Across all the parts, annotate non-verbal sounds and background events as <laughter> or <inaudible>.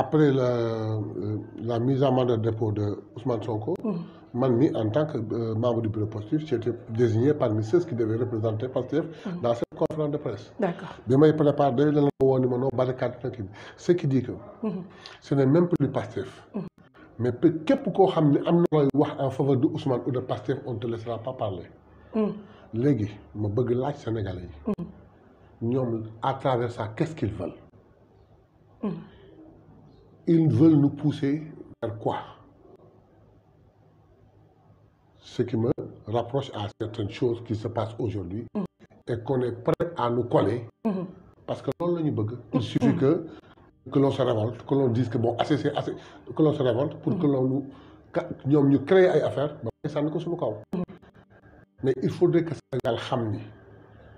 après la la mise en mandat de dépôt de Ousmane Sonko. man mi en tant que euh, membre du bureau positif j'étais désigné parmi ceux qui devaient représenter Pastef dans cette conférence de presse. bi may préparé day la ko woon ni ma noo barricade bi ce qui dit que. ce n'est même plus Pastef. mais képp koo xam ni am na looy wax en faveur de Ousmane ou de Pastef on te laissera pas parler. léegi ma bëgg laaj Sénégalais yi. ñoom à travers ça qu'est-ce qu'ils veulent. Mm. Ils veulent nous pousser vers quoi Ce qui me rapproche à certaines choses qui se passent aujourd'hui mm. et qu'on est prêt à nous coller. Mm-hmm. Parce que l'on il mm-hmm. suffit que, que l'on se révolte, que l'on dise que bon, assez, c'est que l'on se révolte pour que mm-hmm. l'on nous, ñoom ñu créé ay affaire ba pare sànni ko suñu kaw. mais il faudrait que Sénégal xam ni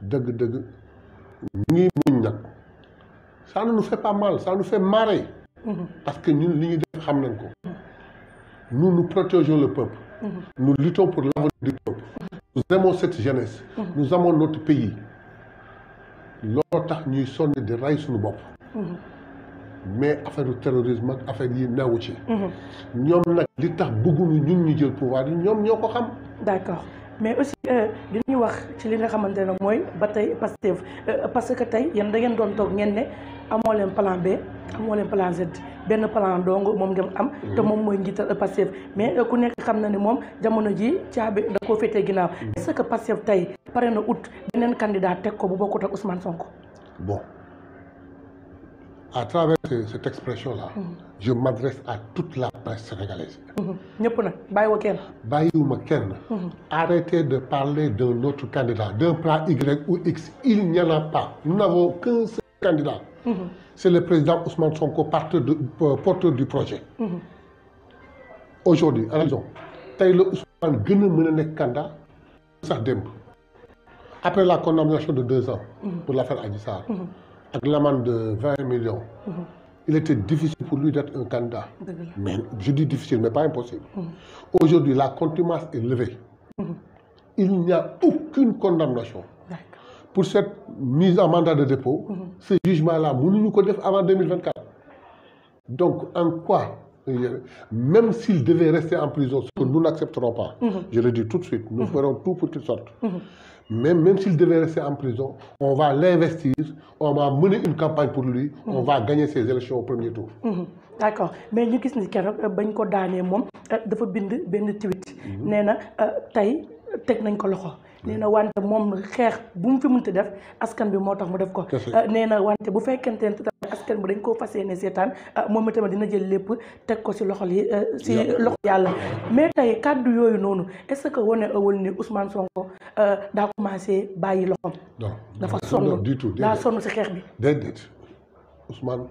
dëgg-dëgg ñuy muñ nag. ça ne nous fait pas mal ça nous fait marrer. parce que ñun li ñu def xam nañ ko. nous nous protégeons le peuple. nous luttons pour l'avenir du peuple. nous aimons cette jeunesse. nous aimons notre pays. looloo tax ñuy sonn di rey suñu bopp. mais affaire terrorisme ak affaire yi newu ci. ñoom nag li tax bëgguñu ñun ñu jël pouvoir yi ñoom ñoo ko xam. d'accord mais aussi euh, li ñuy wax ci li nga xamante ne mooy ba tey Pastef euh, parce que tey yéen da doon toog ngeen ne. amoo leen plan B amoo leen plan Z benn plan dong moom ngeen am mm-hmm. te moom mooy njiital Pastef mais euh, ku nekk xam na ne moom jamono ji caabi da koo féetee ginnaaw mm-hmm. est-ce que Pastef tey pare na ut beneen candidat teg ko bu bokkut ak Ousmane Sonko bon à travers cette expression la mm -hmm. je à toute la presse sénégalaise na mm-hmm. nag bàyyiwoo kenn bàyyiwuma kenn arrêtez de parler d'un autre candidat d'un plan Y ou X il n'y en a pas nous n'avons c'est le président Ousmane Sonko porteur du euh, porteur du projet. aujourd'hui à raison tey la Ousmane gën a mën a nekk candidat sax après la condamnation de deux ans. pour l'affaire Adji Sarr. de millions. il était difficile pour lui d'être un candidat. mais je dis difficile mais pas impossible. aujourd'hui la contumace est levée. il n'y a aucune condamnation. pour cette mise en mandat de dépôt. Mhm. ce jugement-là mënuñu ko def avant 2024. donc en quoi euh, même s'il devait rester en prison ce que nous n'accepterons pas mm -hmm. je le dis tout de suite nous mhm. ferons tout pour qu'il sorte mhm. mais même s'il devait rester en prison on va l'investir on va mener une campagne pour lui on va gagner ces élections au premier tour d'accord mais ñu gis ni keroog euh, bañ ko daanee moom euh, dafa bind benn tweet nee na teg nañ nee na wante moom xeex bu mu fi mun ti def askan bi moo tax mu def ko euh, nee na wante bu fekkente ne tamit askan bi dañ koo fas ne seetaan euh, moom itamit dina jël lépp teg ko si loxol yi si euh, loxo yàlla mais tey kàddu yooyu noonu est-ce que wane awul ni Ousmane Sonko daa commencé bàyyi loxom dafa sonn daa sonn si xeex bi déedéet Ousmane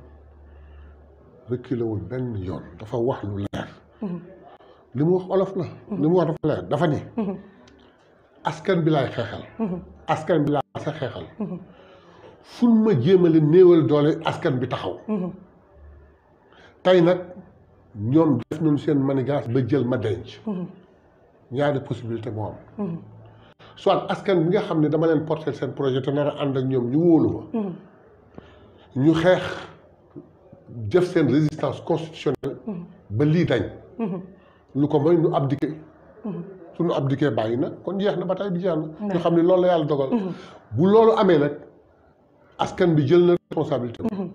reculé wul benn yoon dafa wax lu leer mhm. li mu wax olof la mhm. li mu wax dafa leer dafa ni mhm. askan bi laay xeexal mm-hmm. askan bi laa sa xeexal mm-hmm. ful ma jéemale néewal doole askan bi taxaw mm-hmm. tey nag ñoom def nañu seen manigance ba jël ma denc ñaari possibilité moo am soit askan bi nga xam ne dama leen porter seen projet te nar a ànd ak ñoom ñu wóolu ma ñu xeex def seen résistance constitutionnelle ba lii dañ lu ko mooy ñu abdiquer suñu abdiqué bàyyi na kon jeex na bataille bi jeex na. ñu mhm. bi jël na responsabilité. Mhm.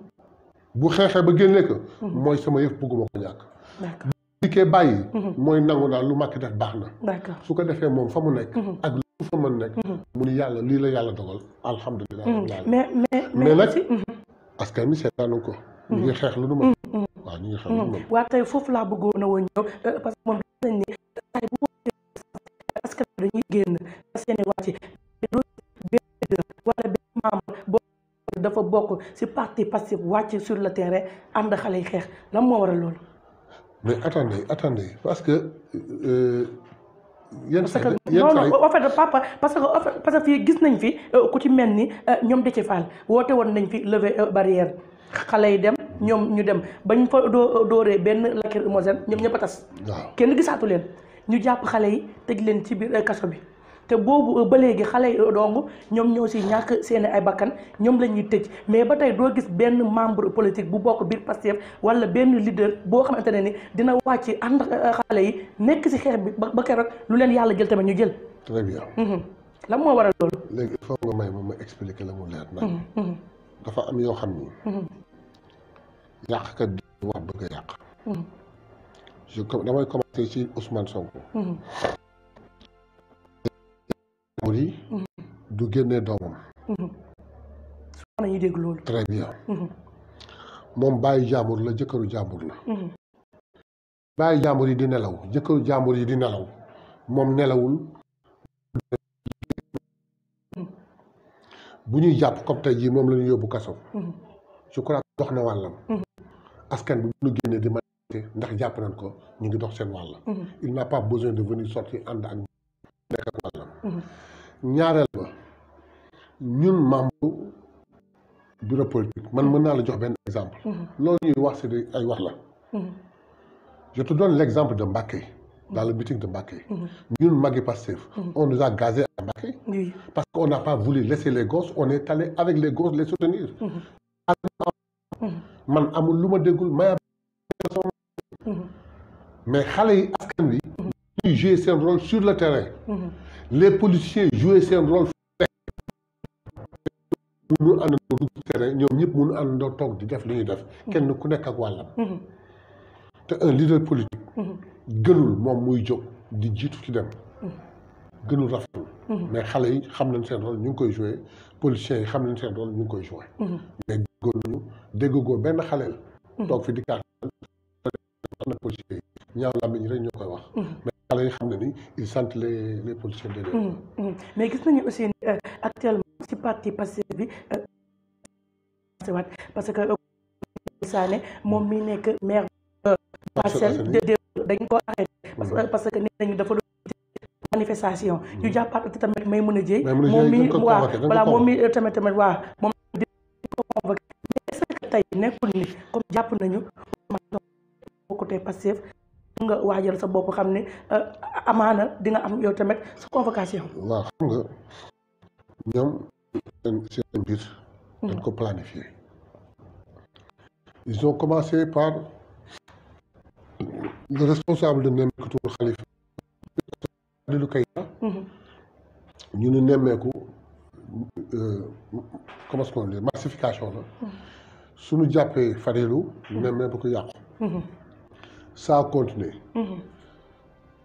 bu xeexee ba génnee ko. Mhm. mooy sama yëf bëgguma ko ñàkk. d'accord bu dikkee bàyyi. mooy nangu daal lu màkk def baax na. d'accord su ko defee moom fa mu nekk. ak lu fa mën nekk. mu ni yàlla lii la yàlla dogal alhamdulilah. mais mais mais nag askan bi seetaanu ko. ñu ngi xeex lu nu mën. waaw ñu ngi xeex lu nu mën. waa tey foofu laa bëggoon a woon ñëw euh, parce que moom dañ ne dañuy génn fas yéene wàcc lu benn wala benn dafa bokk ci parti Pastef wàcc sur le terrain am ànd xale yi xeex lan moo waral loolu. mais attendez attendez parce que. Euh, yenn saa yi non non papa parce que parce que fii gis nañ fi euh, ku ci mel ni euh, ñoom ci Fall woote woon nañ fi leve barrière xale yi dem ñoom ñu dem bañ fa doo dooree benn lakkir homogène ñoom ñëpp a tas. waaw kenn gisaatu leen. ñu jàpp xale yi tëj leen ci biir euh, kaso bi te boobu euh, ba léegi xale yi euh, dong ñoom ñoo si ñàkk seeni ay bakkan ñoom la ñuy tëj mais ba tey doo gis benn membre politique bu bokk biir Pastef wala benn leader boo xamante ne ni dina wàcc ànd xale yi nekk si xeex bi ba keroog lu leen yàlla jël tamit ñu jël. très bien. Mm-hmm. lan moo waral loolu. léegi il faut nga may mm-hmm. Mm-hmm. am yoo xam ni. yàqkat di wax bëgg a yàq. je damay commencé ci Ousmane Sonko. Mhm. mori mhm. du génne doomam. Mhm. très bien. moom bàyyi jàmbur la jëkkëru jàmbur la. bàyyi jàmbur yi di nelaw jëkkëru jàmbur yi di nelaw moom nelawul. bu ñuy jàpp comme tey moom la ñu yóbbu kaso. je crois dox na wàllam. askan bi bu ñu génnee di mën te ndax jàpp nañ ko ñu ngi dox seen wàll. Mhm. il n'a pas besoin de venir sortir ànd ak nekk ak wàllam. Mhm. ñaareel ba ñun membre bureau politique man mën naa la jox benn exemple. Mhm. loolu ñuy wax c'est ay wax la. je te donne l'exemple de Mbacké. dans le meeting de Mbacké. ñun magi Pastef. on nous a gazé à Mbacké. Oui. parce qu'on n'a pas voulu laisser les on est avec les gosses soutenir. man amul lu ma déggul mais xale yi askan wi. ñuy jouer seen rôle sur le terrain. les policiers jouer seen rôle. ñu àndandoo dugg terrain ñëpp mënu àndandoo toog di def li ñuy def. kenn ku nekk ak wàllam. te un leader politique. gënul moom muy jóg di jiitu ci dem. gënul rafetlu. mais xale yi xam nañ seen rôle ñu ngi koy joué policiers yi xam nañ seen rôle ñu ngi koy joué. mais déggoo ñu benn xale toog fi di kàttan policiers yi ñaaw làmmiñ rek ñoo koy wax mm-hmm. mais xale yi xam ne ni ils sentent les les policiers de mm-hmm. mm-hmm. mais gis nañu aussi euh, actuellement ci parti Pastef bi euh, parce que euh, Sané moom mi nekk maire parcelle de dañ ko arrêté parce que nee nañu dafa ñu jàppaat aussi tamit may mën a jéy moom mi waa voilà moom mi tamit tamit waa moom di convoqué est-ce que tey nekkul ni comme jàpp nañu Pastef nga waajal sa bopp xam ne euh, amaana di nga am yow tamit sa convocation. waaw xam nga dañ ko commencé par le responsable de mhm. nemmeeku Khalifa euh, mhm. Fadilou mhm. ko yàqu. ça a continué.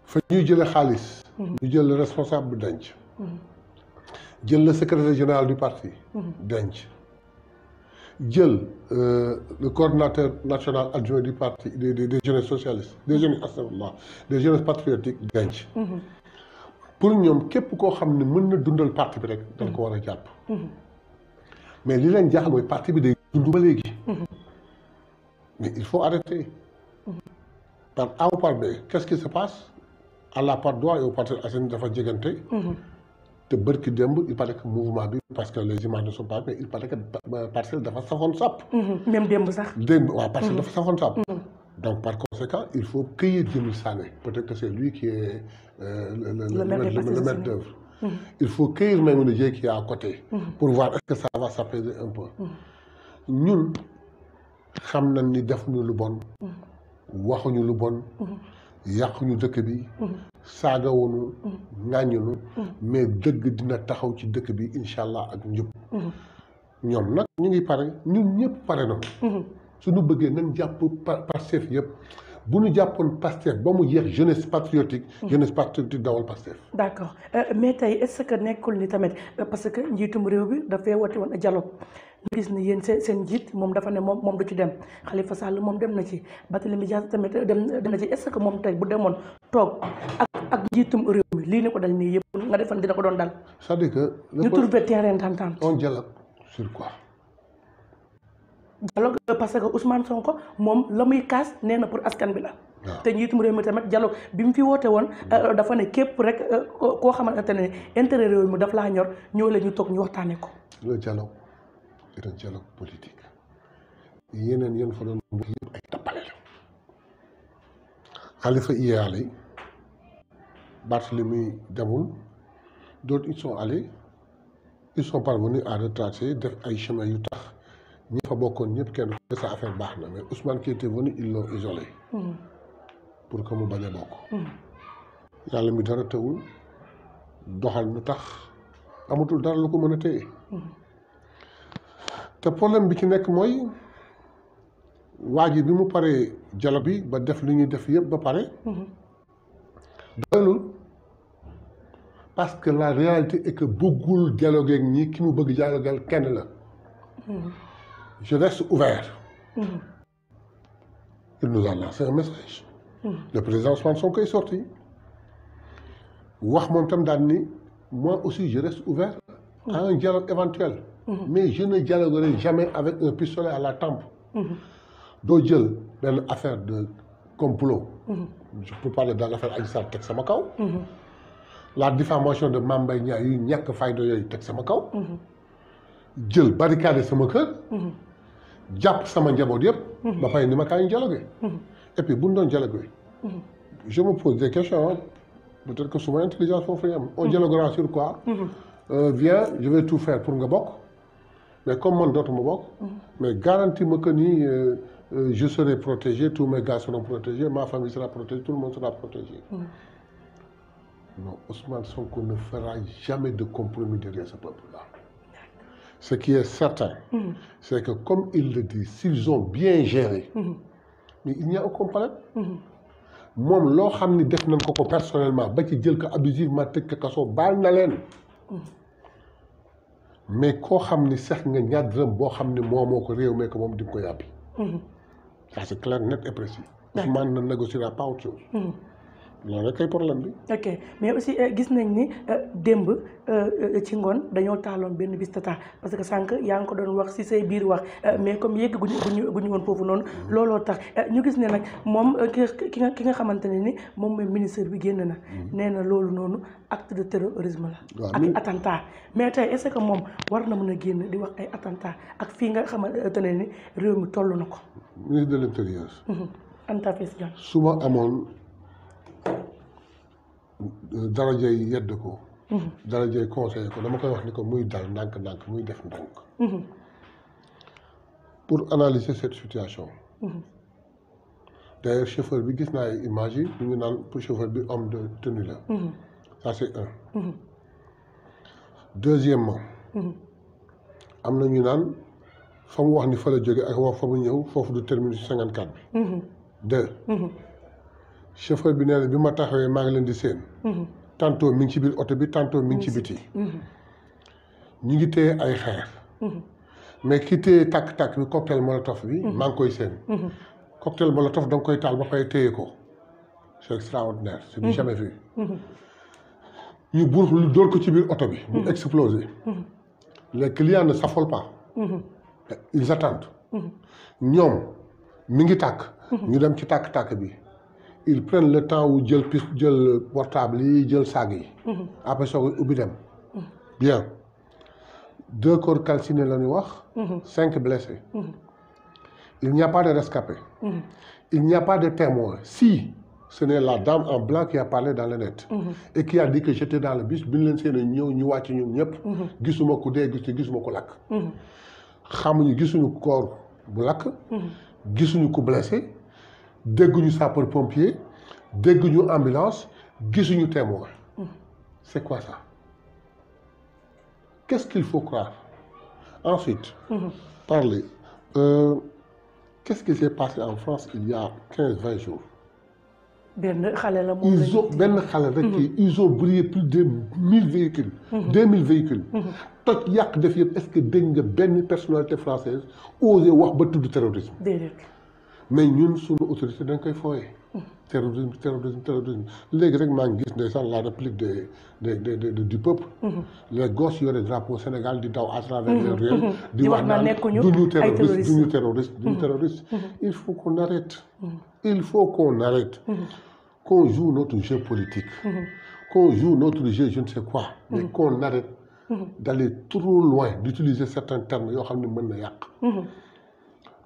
fa ñuy jëlee xaalis. ñu jël le responsable bu denc. jël le secrétaire général du parti. denc jël euh, le coordonnateur national adjoint du parti des des des jeunes socialistes des jeunes astafurlah des jeunes denc. pour ñoom képp koo xam ne mën na dundal parti bi rek dañ ko war a jàpp. mais li leen jaaxal mooy bi day dund ba léegi. il faut arrêter. par A ou par B qu'est-ce qui se passe à la Patte d'Oie et aux Parcelles Assainies dafa jegante mhm. te bërki démb il paraît que mouvement bi parce que les images ne sont pas mais il paraît que dafa safoon sàpp mhm. même démb sax démb waaw parcelle mhm. dafa safoon sàpp donc par conséquent il faut cueillir Djibril Sané peut-être que c'est lui qui est euh, le maître d'œuvre il faut cueillir Maïmouna Dièye qui est à côté pour voir est que ça va s'apaiser un peu ñun xam nañ ni def lu bon waxuñu lu bon yàquñu dëkk bi saagawunu ŋàññunu mais dëgg dina taxaw ci dëkk bi incha allah ak njub ñoom nag ñu ngi pare ñun ñëpp pare na suñu bëggee nañ jàpp Pastef yëpp bu ñu jàppoon Pastef ba mu yéex jeunesse patriotique jeunesse patriotique dawal Pastef d' accord euh, mais tey est ce que nekkul ni tamit euh, parce que njiitum réew bi dafay woote woon a dialogue ñu gis ne yéen seen njiit moom dafa ne moom moom du ci dem xalifa Sall moom dem na ci Barthélémy Dias tamit dem na ci est-ce que moom tey bu demoon toog ak ak njiitum réew mi lii ne dal nii yëpp nga defoon dina ko doon dal. c'est-à-dire que. ñu trouver terrain d'entente. on parce que Ousmane Sonko moom la muy kaas nee na pour askan bi la. te njiitum réew mi tamit dialogue bi mu fi woote woon mm. euh, dafa ne képp rek euh, koo xamante ne intérêt réew mi daf laa ñor ñoo la ñu toog ñu waxtaanee ko. loolu dialogue et de dialogue politique yeneen yéen fa doon wax yëpp y def ay chemin yu tax ñi fa bokkoon ñëpp kenn ku sa affaire baax na mais Ousmane qui venu ils l'ont isolé mm-hmm. pour que mu bañ a bokk mm-hmm. yàlla mi dara teewul doxal nu tax amatul dara lu ko mën a téye mm-hmm. te problème bi ci nekk mooy waa ji bi mu paree jalo bi ba def li ñuy def yëpp ba pare doyalul parce que la réalité est que bëggul dialogue ñi ki mu bëgg dialogal kenn la je reste ouvert mmh. il nous a lancé un message le président Ousmane Sonko sorti wax moom tam daan ni moi aussi je reste ouvert à un dialogue éventuel Mmh. mais je ne dialoguerai jamais avec un pistolet a la tempe. Mmh. doo jël benn affaire de complot. Mmh. je peux parler dans l'affaire Adji Sarr teg sama kaw. la diffamation de Mame Mbaye Niang yu ñàkk fayda yooyu teg sama kaw. jël barricade sama kër. jàpp sama njaboot yëpp. ba pare ni ma kaay ñu dialoguer. et puis bu ñu doon dialoguer. je me pose des questions peut-être que suma intelligence foofu la on dialoguera sur quoi. Euh, viens je vais tout faire pour nga bokk. mais comme man dootuma bokk. mais garantie ma que ni euh, euh, je serai protégé tous mes gars seront protégés ma famille sera protégée tout le monde sera protégé. Mm. non Ousmane Sonko ne fera jamais de compromis derrière ce peuple-là. Ce qui est certain, mm. c'est que comme il le dit, s'ils ont bien géré, mm. mais il n'y a aucun problème. moom loo xam ni def nañ ko ko personnellement ba ci jël ko abusivement tëj ko baal na leen. mais koo xam ni seq nga ñaar dërëm boo xam ni moo moo ko réew mee ko moom di nga ko yàbbi. Mm-hmm. ça c'est clair net et précis. Ousmane ne négociera pas autre loolu rek kay problème bi. ok mais aussi euh, gis nañ ni euh, démb euh, ci ngoon dañoo taaloon benn bis tata parce que sànq yaa ngi ko doon wax si say biir wax mais comme yegg guñu guñu guñu woon foofu noonu. Mm. looloo tax ñu gis ne nag moom ki nga ki nga xamante ne ni moom mooy ministre bi génn na. Mm. nee na loolu noonu acte de terrorisme la. ak attentat mais tey est-ce que moom war na mën a génn di wax ay attentat ak fii nga xamante ne ni réew mi toll na ko. ministre de l'intérieur. Mm-hmm. Anta Fess darajay yedd ko. Mhm. darajay conseillé ko dama koy wax ni ko muy dal ndànk-ndànk muy def ndànk. Mhm. pour analyser cette situation. Mhm. d'ailleurs chauffeur bi gis naa ay images yi ñu ngi naan chauffeur bi homme de tenue la. ça c'est un. deuxièmement. am na ñu naan fa mu wax ni fa la jóge ak wax fa mu ñëw foofu du terminus cinquante quatre bi. chauffeur bi nee na bi ma taxawee maa ngi leen di seen mm-hmm. tantôt mi ci biir oto bi tantôt mi ci biti mm-hmm. ñu ngi téye ay xeer mm-hmm. mais ki téye tàkk-tàkk bi cocktail molotov bi maa ngi koy seen cocktail molotov da koy taal ba fay téye ko c'est extraordinaire c'est du jamais vu ñu buur lu dóor ko ci biir oto bi mu explosé les clients ne s'affolent pas ils attendent ñoom mi ngi tàkk ñu dem ci tàkk-tàkk bi ils prennent le temps wu jël portable yi jël saag yi. Mhm. après soog ubbi dem. Mhm. bien deux corps calcinés la wax. Mhm. cinq blessés. il n'y a de rescapé. il n'y a pas de témoin si. ce n'est la dame en blanc qui a parlé dans le net. et qui a dit que j'étais dans le bus bi ñu leen seen ñëw ñu wàcc ñun ñëpp. gisuma ku dee gis gisuma ku lakk. xamuñu gisuñu koor bu lakk. gisuñu ku blessé. dégguñu sapeur pompier dégguñu ambulance gisuñu témoin c'est quoi ça qu'est-ce qu'il faut croire ensuite parler euh, qu'est-ce qui s'est passé en France il y a jours benn xale la moom ils ont benn xale rek mhm. plus de mille véhicules mhm. deux mille véhicules mhm. yàq def yëpp est-ce que dégg nga benn personnalité française osé wax ba tudd terrorisme mais ñun suñu autorité dañ koy fooye terrorisme terrorisme terrorisme léegi rek maa ngi gis ndeysaan la réplique de de de du peuple. Mhm. les gosses yore drapeau Sénégal di daw à travers les mhm. ruelles. Mhm. di wax naan duñu terroriste duñu terroriste duñu terroriste. il faut qu'on arrête. il faut qu'on arrête. qu'on joue notre jeu politique. qu'on joue notre jeu je ne sais quoi. mais qu'on arrête. d'aller trop loin d'utiliser certains termes yoo xam ne mën na yàq.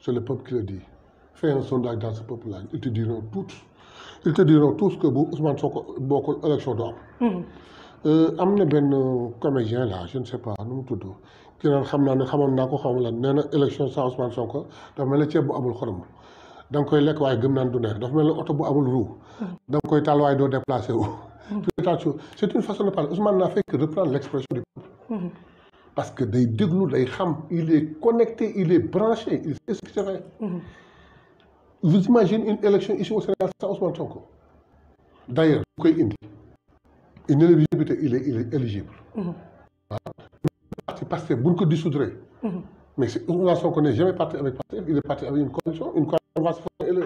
C'est le peuple qui le dit. Fais un sondage dans ce peuple-là. Ils te diront tout. Ils te diront tous que bu Ousmane Sonko bokkul élection du am. Hmm. Euh, am na benn euh, comédien là je ne sais pas nu mu tudd. ki naan xam naa ne xamoon naa ko xamal la nee na élection sans Ousmane Sonko dafa mel ne ceeb bu amul xorom. da koy lekk waaye gëm naan du neex dafa mel ne oto bu amul roue. Hmm. da nga koy taal waaye doo déplacé wu. Hmm. <laughs> tout c'est une façon de parler Ousmane n'a fait que parce que day déglu day xam il est connecté il est branché il ce qui se fait. Mm-hmm. vous imaginez une élection ici au Sénégal sans Ousmane Sonko d'ailleurs bu il est il est éligible. waaw mm-hmm. ah. dissoudre. Mm-hmm. mais si Ousmane Sonko jamais parti avec Pastef il est parti avec une condition une convention